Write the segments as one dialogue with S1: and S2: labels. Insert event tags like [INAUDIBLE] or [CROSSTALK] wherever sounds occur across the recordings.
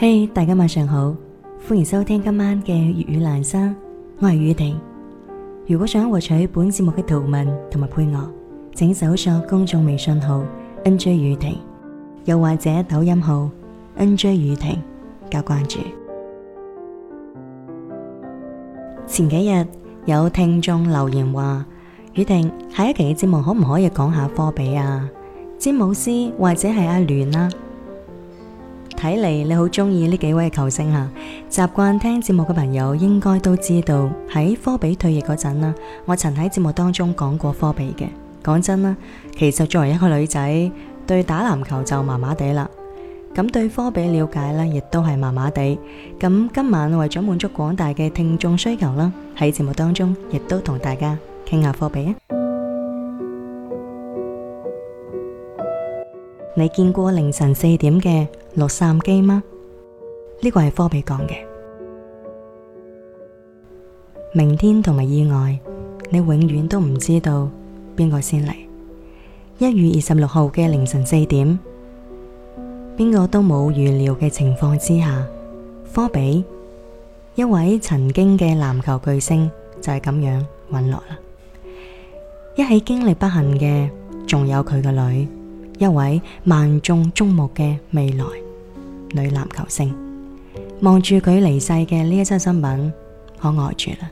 S1: 嘿，hey, 大家晚上好，歡迎收聽今晚嘅粵語欄目，我係宇婷。如果想獲取本節目嘅圖文同埋配樂，請搜索公眾微信號 NJ 宇婷，又或者抖音號 NJ 宇婷加關注。前幾日有聽眾留言話，宇婷下一期嘅節目可唔可以講下科比啊、詹姆斯或者係阿聯啦、啊？睇嚟你好中意呢幾位球星啊！習慣聽節目嘅朋友應該都知道，喺科比退役嗰陣啦，我曾喺節目當中講過科比嘅。講真啦，其實作為一個女仔，對打籃球就麻麻地啦，咁對科比了解呢，亦都係麻麻地。咁今晚為咗滿足廣大嘅聽眾需求啦，喺節目當中亦都同大家傾下科比啊！ [MUSIC] 你見過凌晨四點嘅洛杉磯嗎？呢個係科比講嘅。明天同埋意外，你永遠都唔知道邊個先嚟。一月二十六號嘅凌晨四點，邊個都冇預料嘅情況之下，科比，一位曾經嘅籃球巨星，就係咁樣隕落啦。一起經歷不幸嘅，仲有佢個女。一位萬眾矚目嘅未來女籃球星，望住佢離世嘅呢一則新聞，我呆住啦。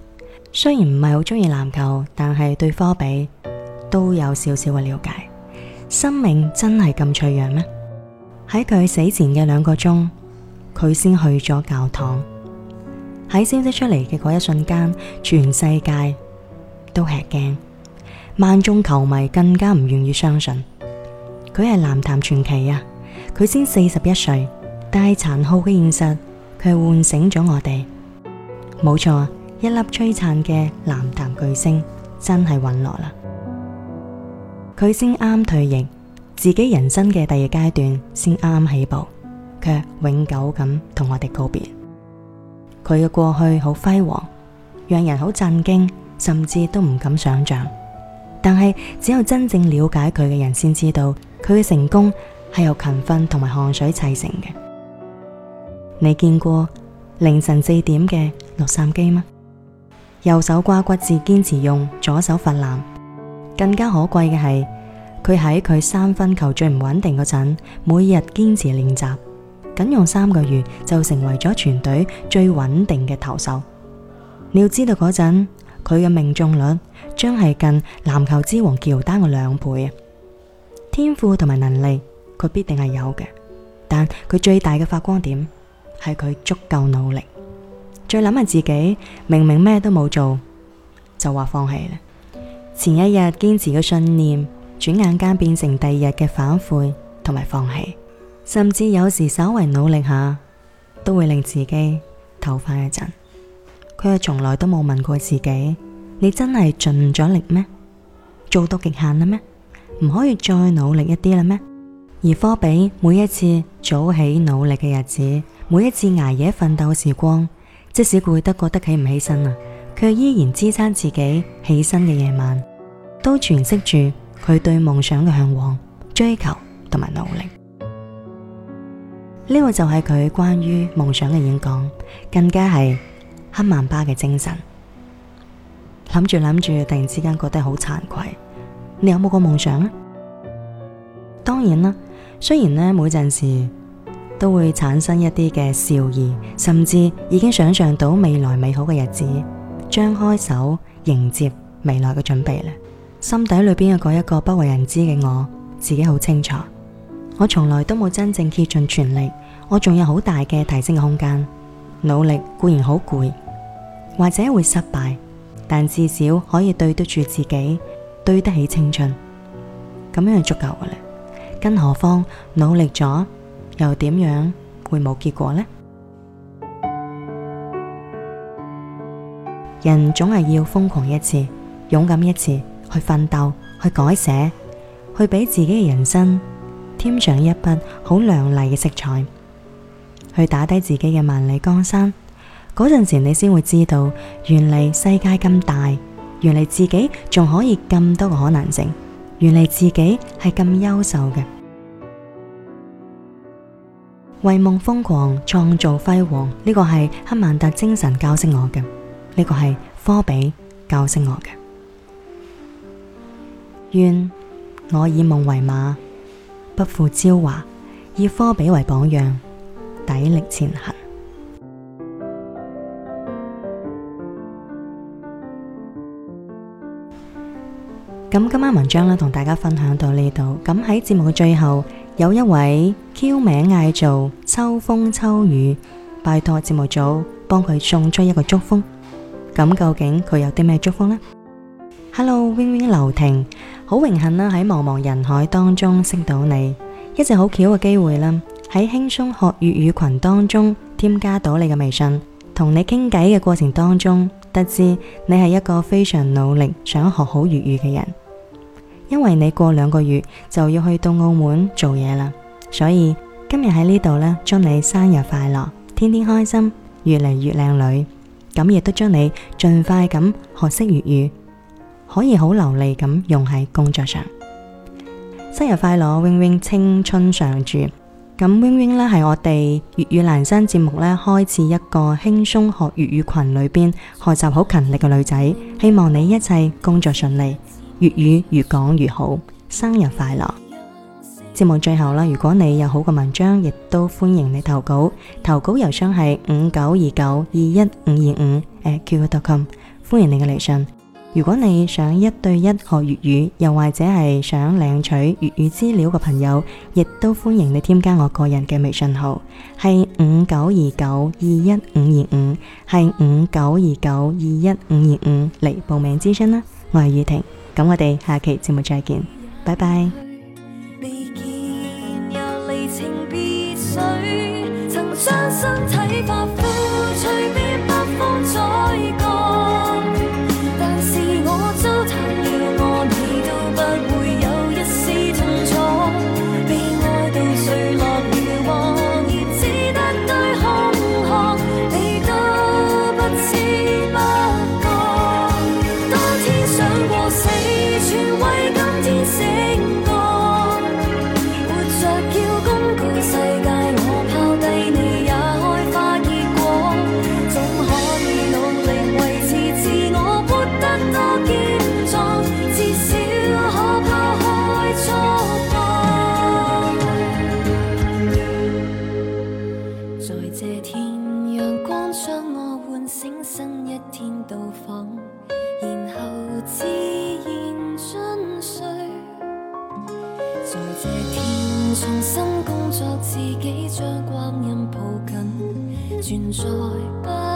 S1: 雖然唔係好中意籃球，但係對科比都有少少嘅了解。生命真係咁脆弱咩？喺佢死前嘅兩個鐘，佢先去咗教堂。喺消息出嚟嘅嗰一瞬間，全世界都吃驚，萬眾球迷更加唔願意相信。佢係籃壇傳奇啊！佢先四十一歲，但係殘酷嘅現實卻喚醒咗我哋。冇錯，一粒璀璨嘅籃壇巨星真係隕落啦。佢先啱退役，自己人生嘅第二階段先啱起步，卻永久咁同我哋告別。佢嘅過去好輝煌，讓人好震驚，甚至都唔敢想象。但係只有真正了解佢嘅人先知道。佢嘅成功係由勤奮同埋汗水砌成嘅。你見過凌晨四點嘅洛杉磯嗎？右手腕骨折堅持用左手罰籃，更加可貴嘅係佢喺佢三分球最唔穩定嗰陣，每日堅持練習，僅用三個月就成為咗全隊最穩定嘅投手。你要知道嗰陣佢嘅命中率將係近籃球之王喬丹嘅兩倍啊！天賦同埋能力，佢必定係有嘅，但佢最大嘅發光點係佢足夠努力。再諗下自己，明明咩都冇做，就話放棄啦。前一日堅持嘅信念，轉眼間變成第二日嘅反悔同埋放棄。甚至有時稍為努力下，都會令自己唞返一陣。佢係從來都冇問過自己：你真係盡咗力咩？做到極限啦咩？唔可以再努力一啲啦咩？而科比每一次早起努力嘅日子，每一次挨夜奮鬥嘅時光，即使攰得覺得企唔起身啊，卻依然支撐自己起身嘅夜晚，都詮釋住佢對夢想嘅向往、追求同埋努力。呢個就係佢關於夢想嘅演講，更加係黑曼巴嘅精神。諗住諗住，突然之間覺得好慚愧。你有冇個夢想啊？當然啦，雖然呢，每陣時都會產生一啲嘅笑意，甚至已經想象到未來美好嘅日子，張開手迎接未來嘅準備啦。心底裏邊嘅嗰一個不為人知嘅我自己好清楚，我從來都冇真正竭盡全力，我仲有好大嘅提升空間。努力固然好攰，或者會失敗，但至少可以對得住自己。對得起青春，咁樣就足夠嘅咧。更何況努力咗，又點樣會冇結果呢？人總係要瘋狂一次，勇敢一次，去奮鬥，去改寫，去俾自己嘅人生添上一筆好亮麗嘅色彩，去打低自己嘅萬里江山。嗰陣時，你先會知道，原嚟世界咁大。原嚟自己仲可以咁多個可能性，原嚟自己係咁優秀嘅，為夢瘋狂，創造輝煌，呢、這個係黑曼巴精神教識我嘅，呢、這個係科比教識我嘅。願我以夢為馬，不負韶華，以科比為榜樣，砥礪前行。咁今晚文章呢，同大家分享到呢度。咁喺節目嘅最後，有一位 Q 名嗌做秋風秋雨，拜託節目組幫佢送出一個祝福。咁究竟佢有啲咩祝福呢？Hello，Wing Wing，劉婷，好榮幸啦喺茫茫人海當中識到你，一直好巧嘅機會啦。喺輕鬆學粵語群當中添加到你嘅微信，同你傾偈嘅過程當中，得知你係一個非常努力想學好粵語嘅人。因為你過兩個月就要去到澳門做嘢啦，所以今日喺呢度呢，祝你生日快樂，天天開心，越嚟越靚女，咁亦都祝你盡快咁學識粵語，可以好流利咁用喺工作上。生日快樂，永永青春常駐。咁永永呢，係我哋粵語男生節目呢開始一個輕鬆學粵語群裏邊學習好勤力嘅女仔，希望你一切工作順利。粵語越講越好，生日快樂！節目最後啦，如果你有好嘅文章，亦都歡迎你投稿。投稿郵箱係五九二九二一五二五，誒，qq.com，歡迎你嘅嚟信。如果你想一對一學粵語，又或者係想領取粵語資料嘅朋友，亦都歡迎你添加我個人嘅微信號係五九二九二一五二五，係五九二九二一五二五嚟報名諮詢啦。我係宇婷。咁我哋下期節目再見，拜拜。
S2: 醒覺，活着要鞏固世界。我拋低你也開花結果，總可以努力維持自我，活得多堅壯，至少可拋開錯。自己將光陰抱緊，存在不？